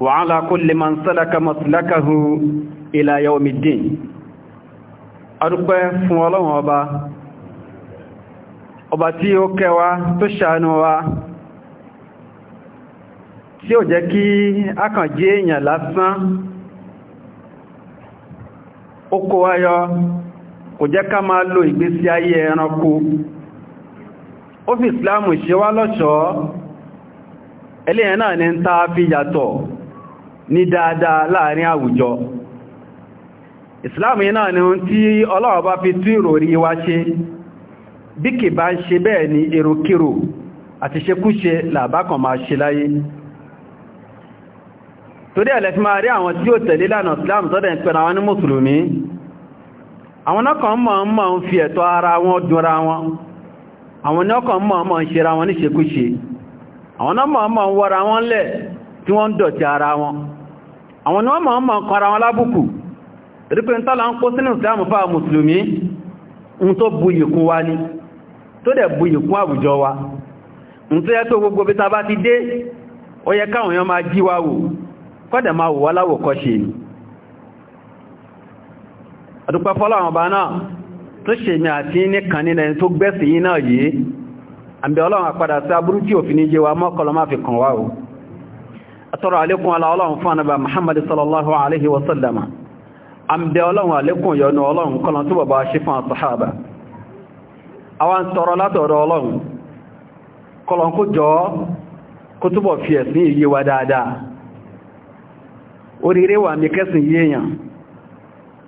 وعلى كل من سلك مسلكه إلى يوم الدين adúpẹ́ fún ọlọ́run ọba ọba tí ó kẹwa tó ṣàánú wa tí ó jẹ́ kí akànjí èèyàn lásán ó kó ayọ kò jẹ́ ká máa lo ìgbésí ayé ẹranko ó fi ìsìláàmù ṣe wá lọ́ṣọ̀ọ́ eléyẹn náà ni ń ta fi yàtọ̀ ní dáadáa láàrin àwùjọ ìsìláàmù yìí náà ni ohun tí Ọlọ́run bá fi tú ìròrí wá ṣe bí kì bá ń ṣe bẹ́ẹ̀ ni èròkérò àti ṣekúṣe làbákan máa ṣe láyé torí ẹ̀lẹ́ máa rí àwọn tí ó tẹ̀lé lánà Islam tọ́dẹ̀ ń pẹ̀rẹ̀ àwọn ní mùsùlùmí àwọn nọ́kàn mọ̀ ń mọ̀ ń fi ẹ̀tọ́ ara wọn dúnra wọn àwọn nọ́kàn mọ̀ ń ṣe ra wọn ní ṣekúṣe àwọn náà máa máa ń wọ́ra wọn lẹ̀ tí wọ́n ń dọ̀tí ara wọn àwọn ni wọ́n máa máa kọra wọn lábùkù rípe ń tọ́lá ń kó sínú ìsìlámù fáà mùsùlùmí ń tó buyì kún wa ni tó dẹ̀ buyì kún àwùjọ wa ń tó yẹ tó gbogbo bí ta ti dé ó yẹ káwọn èèyàn àbẹ̀ ọlọ́run àpadà sí aburú tí òfin jẹ wa mọ́kànlọ́ máa fi kàn wá o àtọ́rọ̀ àlékún ala ọlọ́run fún anábà muhammadu sallallahu alaihi wasallama àbẹ̀ ọlọ́run àlékún yọnu ọlọ́run kọlọ̀ tó bàbá ṣe fún àtọ́hábà àwọn tọrọ látọ̀rọ̀ ọlọ́run kọlọ̀ kó jọ kó túbọ̀ fi ẹ̀sìn iye wa dáadáa oríire wà mí kẹ́sìn yéèyàn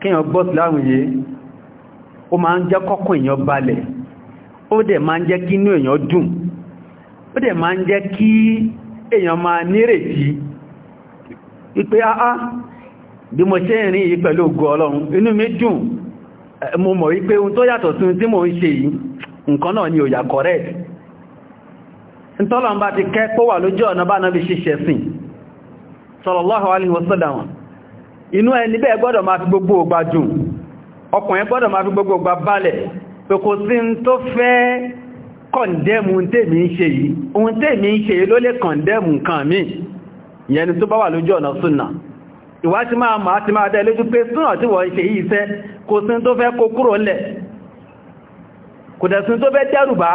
kíyàn gbọ́sìláwìn yé ó máa ń jẹ́ kọ́kùn èèyàn balẹ̀ ó dẹ̀ máa ń jẹ́ kí inú èèyàn dùn ó dẹ̀ máa ń jẹ́ kí èèyàn ma nírètí wípé áá bí mo ṣe rìn yìí pẹ̀lú ògo ọlọ́run inú mi dùn mo mọ̀ wípé ohun tó yàtọ̀ sí tí mo ń ṣe yìí nǹkan náà ni ò yà correct ntọ́lọ̀ bá ti kẹ́ pọ́ wà lójú ọ̀nà bá náà bí ṣíṣẹ́ sìn inu inú ẹni bẹ́ẹ̀ gbọ́dọ̀ fi gbogbo ògbà dùn ọkùnrin gbọ́dọ̀ gbogbo ògbà balẹ̀ pé kò sí ń tó fẹ́ kọ̀ndẹ́mù tèmi ń ṣe yìí ohun tèmi ń ṣe yìí ló lè kọ̀ndẹ́mù kan mí ìyẹn ni tó bá wà lójú ọ̀nà súnà ìwá ti máa máa ti máa dẹ́ lójú pé súnà tí wọ́n ṣe yìí fẹ́ kò sí tó fẹ́ kó kúrò ńlẹ̀ kò dẹ̀sùn tó fẹ́ dẹ́rùbá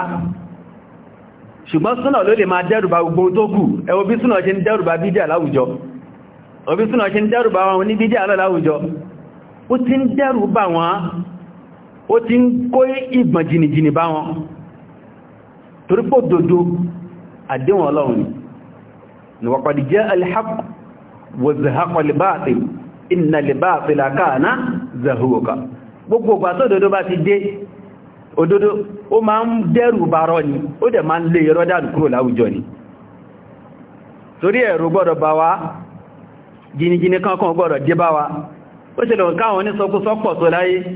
ṣùgbọ́n súnà ló lè máa dẹ́rùbá gbogbo tó kù ẹ bí súnà ṣe ń dẹ́rùbá bídíà láwùjọ òbí súnà ṣe ń dẹ́rùbá wọn ní bídíà láwùjọ ó ti ń dẹ́rùbá wọn ó ti ń kó ìgbọ̀n jìnìjìnì bá wọn torí pò dodo àdéhùn ọlọ́run ni wa qad jaa al-haqq wa zahaqa al-batil gbogbo ọgbà tó bá ti dé òdodo ó máa ń dẹ́rù bàrọ ni ó dẹ̀ máa ń lé irọ́ kúrò láwùjọ ni lọ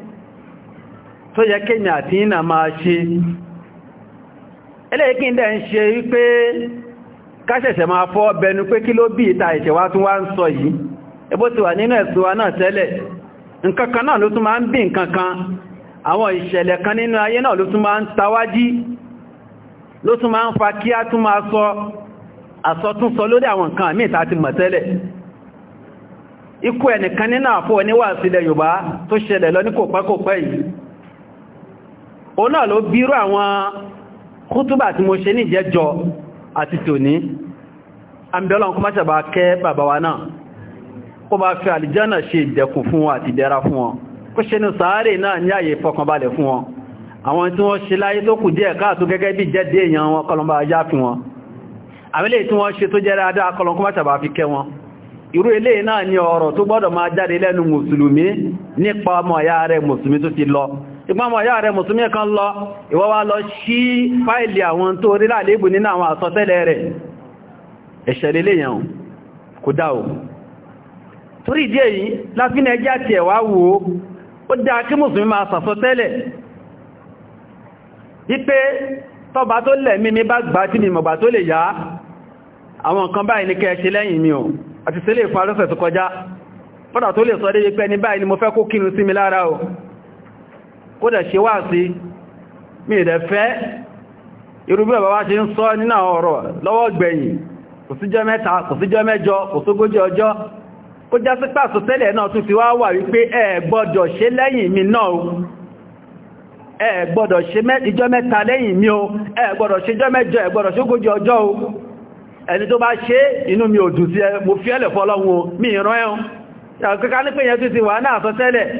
tó yẹ kí ìyà tí ìnà máa ṣe eléyìí kí ń ń ṣe wípé káṣẹ̀ṣẹ̀ máa fọ́ bẹnu pé kí ló bí ìta ìṣẹ̀wá tún wá ń sọ yìí ebó ti wà nínú ẹ̀sùn wa náà tẹ́lẹ̀ nkankan náà ló tún máa ń bí nkankan àwọn ìṣẹ̀lẹ̀ kan nínú ayé náà ló tún máa ń tawájí ló tún máa ń fa kí á tún máa sọ àsọtúnsọ lórí àwọn nǹkan àmì ìta ti mọ̀ tẹ́lẹ̀ ikú ẹnìkan nínú àfọ́ oníwà sílẹ̀ Yorùbá tó ṣẹlẹ̀ lọ ní kòpẹ́kòpẹ́ yìí ó náà ló bírú àwọn kútúbà tí mo ṣe ní ìjẹ́jọ àti tòní àmìbẹ̀lọ́n kó máṣàbà kẹ́ bàbá wa náà kó bá fi àlìjánà ṣe ìdẹ̀kùn fún wọn àti ìdẹ̀ra fún wọn kó ṣe ní sàárè náà ní àyè fọkànbalẹ̀ fún wọn àwọn tí wọ́n ṣe láyé tó kù díẹ̀ káàtó gẹ́gẹ́ bí jẹ́dé èèyàn wọn kọlọmbà ajá fi wọn àwọn tí wọ́n ṣe tó jẹ́ dáadáa kọlọmkọ́ máṣàbà fi kẹ́ wọn irú ilé náà ni ọ̀rọ̀ tó gbọ́dọ̀ máa jáde lẹ́nu mùsùlùmí nípa ọmọ ìyá rẹ̀ mùsùlùmí tó ti lọ ìgbọ́mọ̀ ìyá rẹ̀ mùsùlùmí kan lọ ìwọ wá lọ sí fáìlì àwọn tó rí láàlébù nínú àwọn àsọtẹ́lẹ̀ rẹ̀ ẹ̀ṣẹ̀lẹ̀ lèyàn kò dá o torí ìdí èyí láfínà ẹjá ti ẹ̀wà wo ó dá kí mùsùlùmí máa sàsọtẹ́lẹ̀ wípé tọba tó lẹ̀ mímí bá gbà tí mímọ̀gbà tó lè yá àwọn nǹkan báyìí ní kẹ́ẹ̀ṣe lẹ́yìn mi o àti sílé ìfarúfẹ̀ tó kọjá fọ́dà tó lè sọ dé wípé ní báyìí ni mo fẹ́ kó kírun sí mi lára o kó dẹ̀ ṣe wá sí mi ìdẹ̀ fẹ́ irúgbẹ́ bàbá ṣe ń sọ nínú ọ̀rọ̀ lọ́wọ́ gbẹ̀yìn kò síjọ́ mẹ́jọ kò sógójì ọjọ́ ó já sí pàṣọ tẹ́lẹ̀ náà tún fi wá wà wípé ẹ ṣe lẹ́yìn mi náà ẹ ṣe mẹ́ta lẹ́yìn mi o ẹ o mi mo mi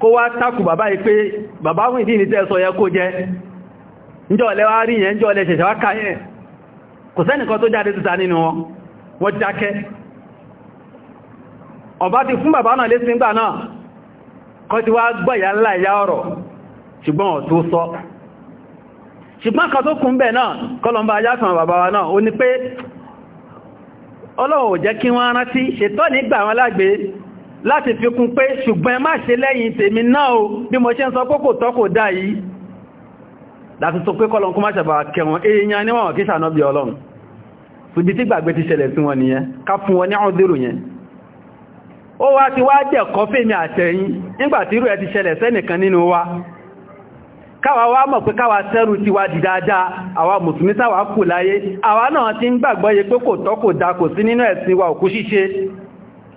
kó wá tákù bàbá yìí bàbá wùn ìdí ní sọ yẹ kó jẹ́ ǹjọ́ ọ̀lẹ́wà rí yẹn ǹjọ́ ọ̀lẹ́ wá káyẹ̀ kò sẹ́nìkan tó jáde síta nínú wọn wọ́n ọba ti fún bàbá náà lé síngbà náà kọ́ ti wá gbọ́yà ìyá láti fi kún pé ṣùgbọ́n ẹ má ṣe lẹ́yìn tèmi náà o bí mo ṣe ń sọ pé kò tọ́ kò dá yìí láti sọ pé kọ́lọ̀n kó má ṣàbà kẹwọn èèyàn níwọ̀n kí ṣàná bí ọlọ́run ṣùgbí wá wa káwa wá mọ̀ pé káwa sẹ́rù ti wá di dáadáa àwa mùsùlùmí sáwà kù láyé àwa náà ti ń gbàgbọ́ yẹ pé kò tọ́ kò da kò sí nínú ẹ̀sìn wa òkú ṣíṣe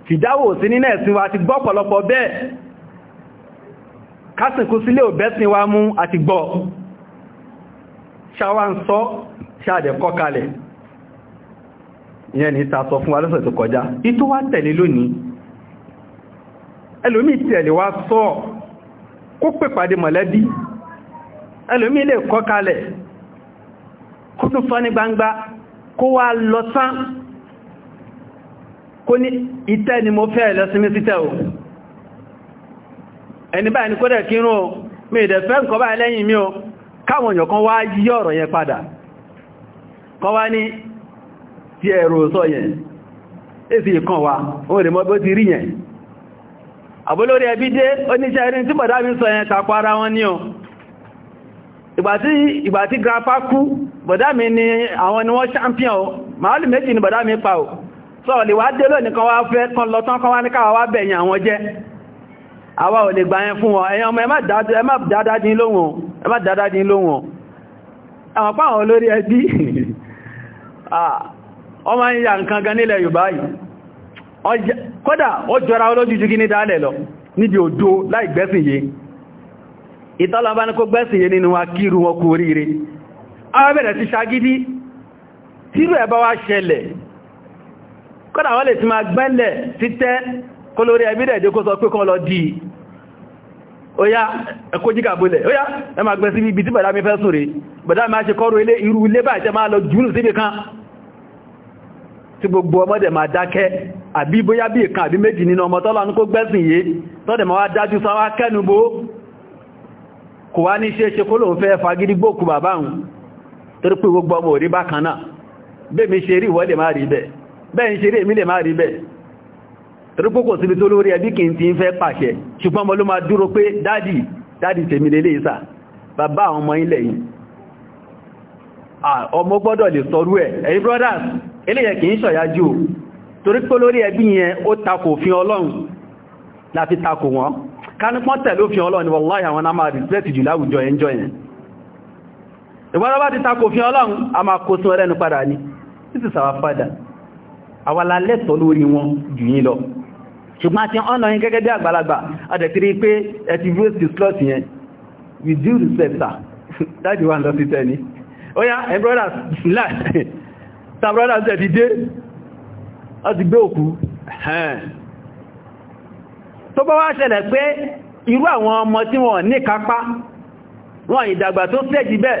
fìdáwò sí nínú ẹ̀sìn wa ti gbọ́ pọ̀lọpọ̀ bẹ́ẹ̀ kásìnkú sílé ò bẹ́sìn wa mú àti gbọ́ ṣáwá ń sọ ṣáàdẹ̀ kọ́ kalẹ̀ ìyẹn ni ta sọ fún wa lọ́sẹ̀ tó kọjá ìtó wá tẹ̀lé lónìí ẹlòmí tẹ̀lé wá sọ kó pèpàdé mọ̀lẹ́bí ẹlòmí lè kọ́ kalẹ̀ kó tún sọ ní gbangba kó wá lọ tán kó ní ìtẹ́ ni mo fẹ́ lọ sí mi sítẹ́ o ẹni báyìí ni kó dẹ̀ kírún o mi ìdẹ̀ fẹ́ nǹkan báyìí lẹ́yìn mi o káwọn èèyàn kan wá yí ọ̀rọ̀ yẹn padà kan wá ní ti ẹ̀rọ sọ yẹn èsì ìkan wa oun rẹ̀ mọ́ bó ti rí yẹn àbólórí ẹbí dé oníṣẹ́ irin tí bọ̀dá mi sọ yẹn tapọ̀ ara wọn ní o ìgbà tí grandpa kú bọ̀dá mi ni àwọn ni wọ́n champion o màálù méjì ni bọ̀dá mi pa o sọ lè wá dé lónìí kan wá fẹ́ kan lọ tán kan wá ní káwà wá bẹ̀yìn àwọn jẹ́ àwa ò lè gbà yẹn fún wọn ẹ̀yàn ọmọ ẹ má dáadáa dín lóhùn ẹ má dáadáa dín lóhùn àwọn páwọn olórí ẹbí ah, ọmọ ìyà nǹkan gan nílẹ̀ Yorùbá yìí kódà ó jọra olójújú kí ní lọ níbi òjò láì gbẹ́sìn ìtọ́lọ bá ní kó gbẹ́sìn nínú wa kíru wọn kú oríire àwọn bẹ̀rẹ̀ sí ṣagídí tírú ẹ̀ wá ṣẹlẹ̀ kọ́dà wọ́n lè ti máa gbẹ́lẹ̀ títẹ́ kó lórí ẹbí rẹ̀dẹ́ kó sọ pé kọ́ lọ dí oya ẹkó jíkà bólẹ̀ oya ẹ ma gbẹ́ sí ibi tí bẹ̀dá mi fẹ́ sóre bẹ̀dá mi a ṣe kọ́rù ilé irú ilé báyìí tẹ́ máa lọ jùlù síbi kan tí gbogbo ọmọdé máa dákẹ́ àbí bóyá bí ìkan àbí méjì nínú ọmọ tọ́lọ ní kó gbẹ́sìn bẹ́ẹ̀ mi ṣe rí ìwọ́dẹ̀ máa rí bẹ́ẹ̀ bẹ́ẹ̀ ń ṣeré èmi máa rí bẹ́ẹ̀ rúpòkò síbi tó lórí ẹbí kì í ń fẹ́ pàṣẹ ṣùgbọ́n mo ló máa dúró pé dádì dádì tèmi léèsà bàbá ọmọ ilẹ̀ yìí ọmọ gbọ́dọ̀ lè sọrú ẹ̀ ẹ̀yin brothers eléyẹ kì í fi ọlọ́run a máa kó sún ẹrẹ́nu padà ní títí sàwà padà àwàlá lẹ́tọ̀ lórí wọn jù yín lọ ṣùgbọ́n ti ọ̀nà yín gẹ́gẹ́ bí àgbàlagbà adẹ̀kiri pé ẹ ti rose the yẹn with due respect sir dájú wà lọ sí tẹ́ni ó yá ẹ brothers láì ta brothers ẹ̀ ti dé ọ ti gbé òkú tó bá wá ṣẹlẹ̀ pé irú àwọn ọmọ tí wọ́n ní kápá wọ́n ìdàgbà tó fẹ́ jì bẹ́ẹ̀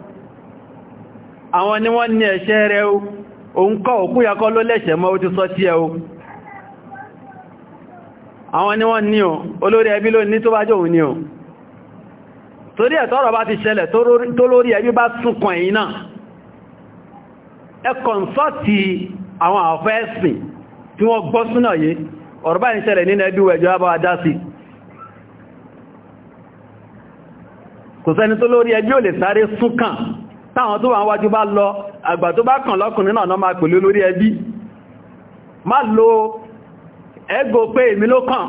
àwọn ni wọ́n ní ẹ̀ṣẹ̀ rẹ̀ o òun kọ́ òkú yakọ́ ló lẹ́ṣẹ̀ mọ́ ó ti sọ tí ẹ o àwọn ni wọ́n ní o olórí ẹbí ló ní tó bá jọ òun ní o torí ẹ̀ tọ́rọ̀ bá ti ṣẹlẹ̀ tó lórí ẹbí bá súnkàn ẹ̀yìn náà ẹ kọ̀nsọ́tì àwọn àfẹ́ẹ̀sìn tí wọ́n kò sẹ́ni tó lórí ẹbí lè sáré súnkàn táwọn tó wà wájú bá lọ àgbà tó bá kàn lọ́kùnrin náà máa pẹ̀lú lórí ẹbí má lo ego pé èmi ló kàn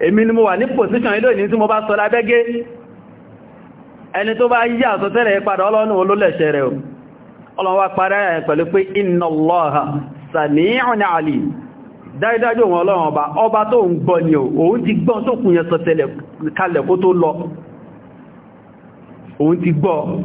èmi ni mo wà ní pòsíṣàn ilé ìní tí mo bá sọ lábẹ́gẹ́ ẹni tó bá yí àsọtẹ́rẹ̀ padà ọlọ́nà olólẹ̀ṣẹ̀ rẹ̀ ọlọ́wà parẹ́ ẹ̀ pẹ̀lú pé inna Allaha sami'un alim dárídájú òun ọlọ́run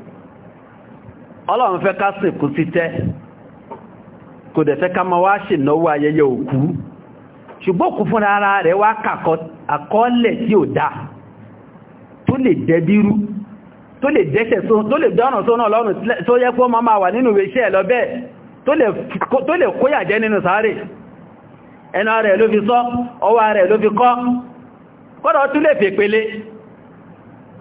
ọlọ́run fẹ́ ká sìnkú títẹ́ kò dẹ̀ fẹ́ ká ma wá ṣe náwó ayẹyẹ òkú ṣùgbọ́n òkú fúnra ara rẹ̀ wá kàkọ́ àkọọ́lẹ̀ tí ò dáa tó lè dẹ́bírú tó lè dẹ́ṣẹ̀ tó lè dọ́rùn sónà ọlọ́run tó yẹ kó máa wà nínú iṣẹ́ ẹ̀ lọ bẹ́ẹ̀ tó lè kóyàjẹ́ nínú sáré ẹnu rẹ̀ ló fi sọ ọwọ́ rẹ̀ ló fi kọ́ kọ́dọ̀ tún lè fèpele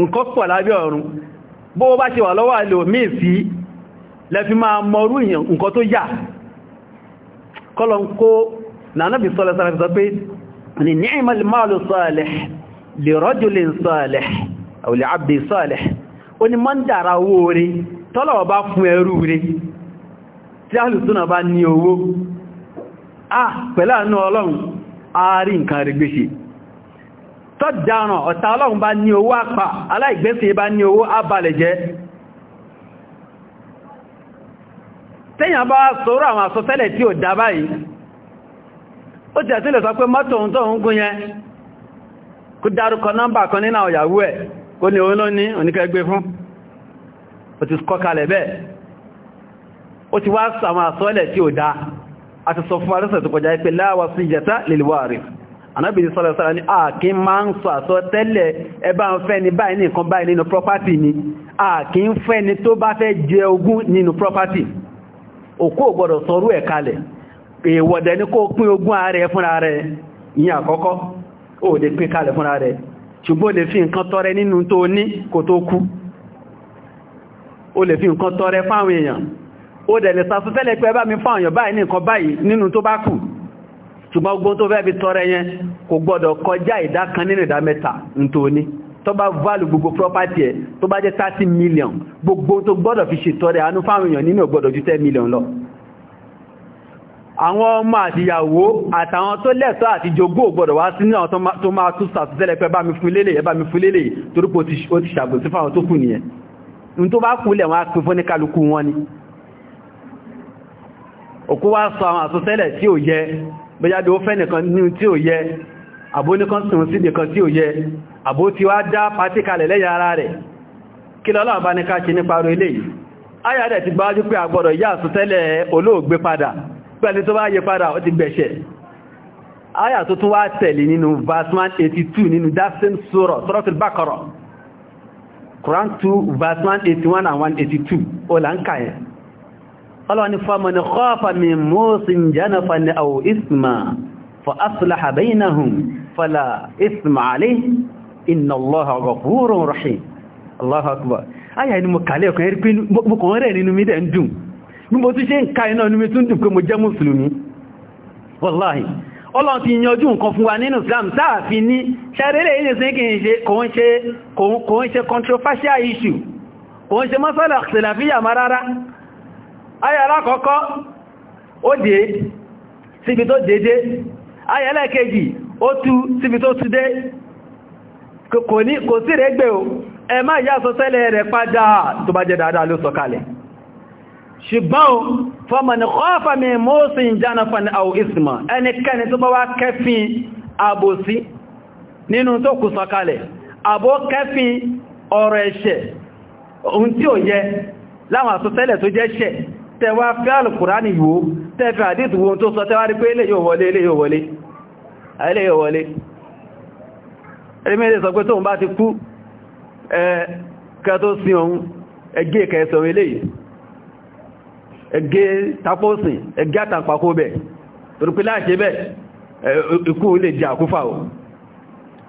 nǹkan pọ̀ lábẹ́ ọ̀run bó bá ṣe wà lọ́wọ́ àlò míì sí lẹ́fí máa mọrú nǹkan tó yà kọ́lọ̀ ń kó nànàbì sọ́lẹ̀ sọ pé ní malu salih li ní máa ń dára owó rí tọ́lọ̀ bá fún ẹrú ah, rí tọ́dáràn ọ̀ta ọlọ́run bá ní owó àpà aláìgbẹ́sìn bá ní owó àbàlẹ̀ jẹ́ tẹ́yàn bá sọ́rọ̀ àwọn àsọtẹ́lẹ̀ tí ò dá báyìí ó ti àtílẹ̀ sọ pé mọ́tò ohun tó ń gún yẹn kó dárúkọ nọ́mbà kan anábìsí sọ́lọ̀sọ́lọ̀ ní ààkí máa ń sọ àsọ tẹ́lẹ̀ ẹbá ń fẹ́ ni báyìí nìkan báyìí nínú property ni ààkí ń fẹ́ ni tó bá fẹ́ jẹ ogún nínú property òkú ògbọ́dọ̀ sọrú ẹ̀ kalẹ̀ èèwọ̀dẹ̀ ní kó pín ogún ààrẹ fúnra rẹ̀ ìyẹn àkọ́kọ́ ó lè pín kalẹ̀ fúnra rẹ̀ ṣùgbọ́n lè fi nǹkan tọrẹ nínú tó ní kò tó kú ó lè fi nǹkan tọrẹ fáwọn èèyàn ó dẹ̀ lè sàfúfẹ́lẹ̀ pé bá mi fáwọn èèyàn báyìí nìkan báyìí nínú tó bá kù ṣùgbọ́n ogun tó fẹ́ fi tọrẹ yẹn kò gbọ́dọ̀ kọjá ìdá kan nínú ìdá mẹ́ta ntóní tó bá válù gbogbo property ẹ̀ tó bá jẹ́ 30 million gbogbo tó gbọ́dọ̀ fi ṣètọrẹ àánú fáwọn èèyàn nínú gbọ́dọ̀ million lọ àwọn ọmọ àtìyàwó àtàwọn tó lẹ́tọ́ àti jogbo gbọ́dọ̀ wá sínú àwọn tó máa tún sàtúnṣẹ́lẹ̀ pé bá mi fún lélẹ̀ ẹbá mi fún lélẹ̀ torípò ó ti ṣàbòsí fáwọn tó kù nìyẹn ní tó bá kúlẹ̀ wọn òkú wá sọ àwọn àtúnṣẹ́lẹ̀ tí ò yẹ bóyá ó fẹ́ nìkan ní tí ò yẹ àbó nìkan sùn sí nìkan tí ò yẹ àbó ti wá dá pàtí kalẹ̀ ara rẹ̀ kí lọ́lọ́run bá nípa ro rẹ̀ ti gbájú pé àgbọ̀rọ̀ yá àsútẹ́lẹ̀ olóògbé padà pẹ̀lú tó bá yẹ padà ó ti gbẹ̀ṣẹ̀ 2 verse 181 ọlọ́ni fọ́mọ̀ni kọ́fà mi mọ́sìn jẹ́nàfà ni àwò isma fa asìláha bẹ́yìnàhùn fọ́lá isma alé iná lọ́ha gọ̀fúrún rahim Allahu akbar ayà ni mo kàlẹ̀ ọkàn rí pé mọ́kàn rẹ̀ nínú mi dẹ̀ ń dùn bí mo tún ṣe ń ka iná inú mi tún dùn pé mo jẹ́ mùsùlùmí wallahi ọlọ́run ti yanjú nǹkan fún wa nínú Islam sáàfin ní ṣàrẹ́lẹ̀ ilẹ̀ sí kí n ṣe kò ń ṣe controversial issue kò ń masala ṣìlàfíyà mara ayà alákọ̀ọ́kọ́ ó dé síbi tó dédé ayà ẹlẹ́kejì ó tú síbi tó tú dé kò ní kò sí rẹ̀ gbé o ẹ má yá sọ tẹ́lẹ̀ rẹ̀ padà tó bá jẹ́ dáadáa ló sọ̀kalẹ̀ ṣùgbọ́n faman khafa min mọ́sìn janafan aw isma ẹnikẹ́ni tó bá wá kẹfin àbòsí nínú tó kù sọ̀kalẹ̀ àbó kẹfin ọ̀rọ̀ ẹ̀ṣẹ̀ ohun tí o yẹ láwọn àsọtẹ́lẹ̀ tó jẹ́ ṣẹ̀ tẹwàá fẹ́ alùkùránì yóò tẹ́fẹ́ àdíìtì wọn tó sọ tẹ́wàá rí pé ilé yóò wọlé ilé yóò wọlé ilé yóò wọlé ẹ̀rẹ́mẹ́rẹ́ sọ pé tóun bá ti kú ẹ̀ẹ́kẹ́ tó sí ohun ẹgẹ́ kẹsọ̀ ilé ẹgẹ́ tapọ́sìn ẹgẹ́ àtàpàkó bẹ̀ torípé láṣẹ bẹ̀ ikú lè jẹ àkúfà o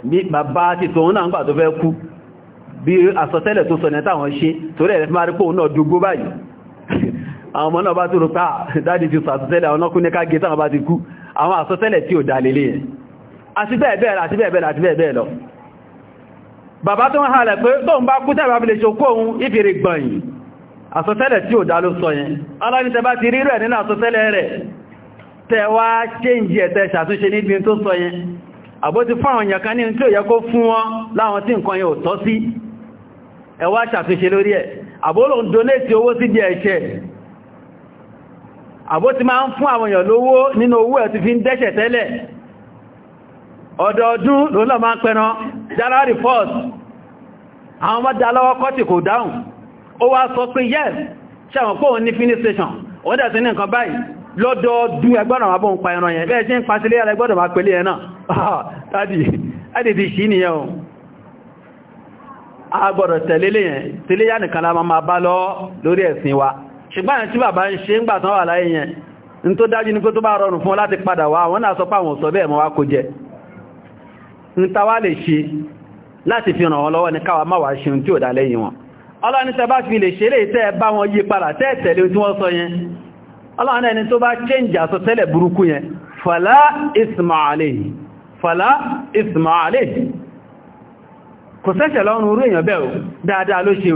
bí bàbá ti tòun náà ń gbà tó fẹ́ kú bí àsọtẹ́lẹ̀ tó sọ nẹ́tàwọn ṣe torí ẹ̀rẹ́ fún àrípò náà dúgbó báyìí àwọn ọmọ náà bá tó rúpá ah, dáadé ti sàtútẹ́lẹ̀ àwọn ọkùnrin ká gẹ́ tàwọn bá ti kú àwọn àsọtẹ́lẹ̀ tí ò dá lélẹ̀ yẹn àti bẹ́ẹ̀ bẹ́ẹ̀ àti bẹ́ẹ̀ bẹ́ẹ̀ àti bẹ́ẹ̀ bẹ́ẹ̀ lọ bàbá tó ń halẹ̀ pé tó ń bá kú tẹ́bà fi lè ṣokó ohun ìfèrè gbọ̀nyìn àsọtẹ́lẹ̀ tí ò dá ló sọ yẹn alábìtẹ́ bá ti rírẹ̀ nínú àsọtẹ́lẹ̀ rẹ̀ tẹ́wàá ṣéǹjì ẹ̀tẹ́ ṣàtúnṣe níbi tó sọ lórí ẹ̀ àbó lòun donate owó sí di ẹ̀ṣẹ̀ àbó ti máa ń fún àwọn èèyàn lówó nínú owó ẹ̀ ti fi ń dẹ́ṣẹ̀ tẹ́lẹ̀ ọdọọdún lòun náà máa ń pẹran January 1st àwọn ọmọ dá kọ́tì kò dáhùn ó wá sọ pé yes ṣàwọn pòun ní finish station òun dẹ̀ sí ní nǹkan báyìí lọ́dọọdún ẹgbọ́dọ̀ máa bọ́ ń pa ẹran yẹn bẹ́ẹ̀ ṣe ń pa sílé ẹgbọ́dọ̀ máa pẹ̀lẹ̀ ẹ̀nà tàbí ṣí nìyẹn o a gbọ́dọ̀ ṣùgbọ́n tí bàbá ń ṣe ń gbà tán wà láyé yẹn ní tó dájú ní kó tó bá rọrùn fún láti padà wá àwọn náà sọ pé àwọn sọ bẹ́ẹ̀ mọ́ wá kó jẹ ní tawá lè ṣe láti fi ràn wọ́n lọ́wọ́ ní káwà má wá ṣeun tí ò dá lẹ́yìn wọn change àsọ tẹ́lẹ̀ burúkú yẹn fàlá isma alayhi fàlá isma alayhi kò sẹ́ṣẹ̀ lọ́rùn orú èèyàn bẹ́ẹ̀ dáadáa ló ṣe o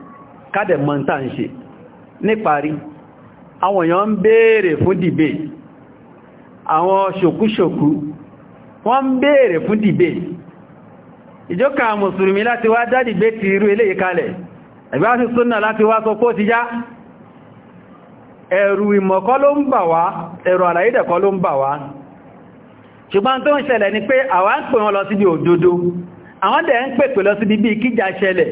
kádẹ̀ mọ́ntà ń ṣe níparí àwọn èèyàn ń béèrè fún dìbè àwọn ṣòkúṣòkú wọ́n ń béèrè fún dìbè ìjọ́ka mùsùlùmí láti wá dádìgbé ti irú eléyìí kalẹ̀ ẹ̀gbá sí súnnà láti wá sọ kó ti já ẹ̀rù ìmọ̀kọ́ ló ń bà wá ṣùgbọ́n tó ń ṣẹlẹ̀ ni pé àwọn ń pè wọn lọ síbi òdodo àwọn dẹ̀ ń pèpè lọ síbi bí kíjà ṣẹlẹ̀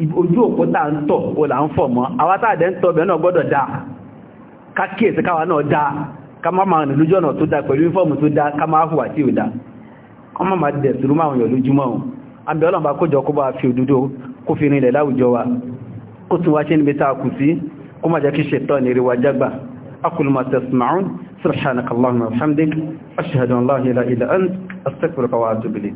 ojú òpótà ń tọ̀ o là ń fọ̀ mọ́ àwátàdẹ́ ń tọ́bẹ̀ náà gbọ́dọ̀ dáa kákíyèsí káwa náà dáa ká má máa rìn lójú ọ̀nà tó dáa pẹ̀lú fọ́ọ̀mù tó dáa ká máa hùwà tí ò dáa wọ́n má máa dẹ̀ sùúrù máa yàn lójúmọ́ ohun àbẹ̀ ọlọ́mbà kójọ kó bá fi òdodo kó fi rinlẹ̀ láwùjọ wa kó la ilaha illa ant astaghfiruka wa atubu ilayk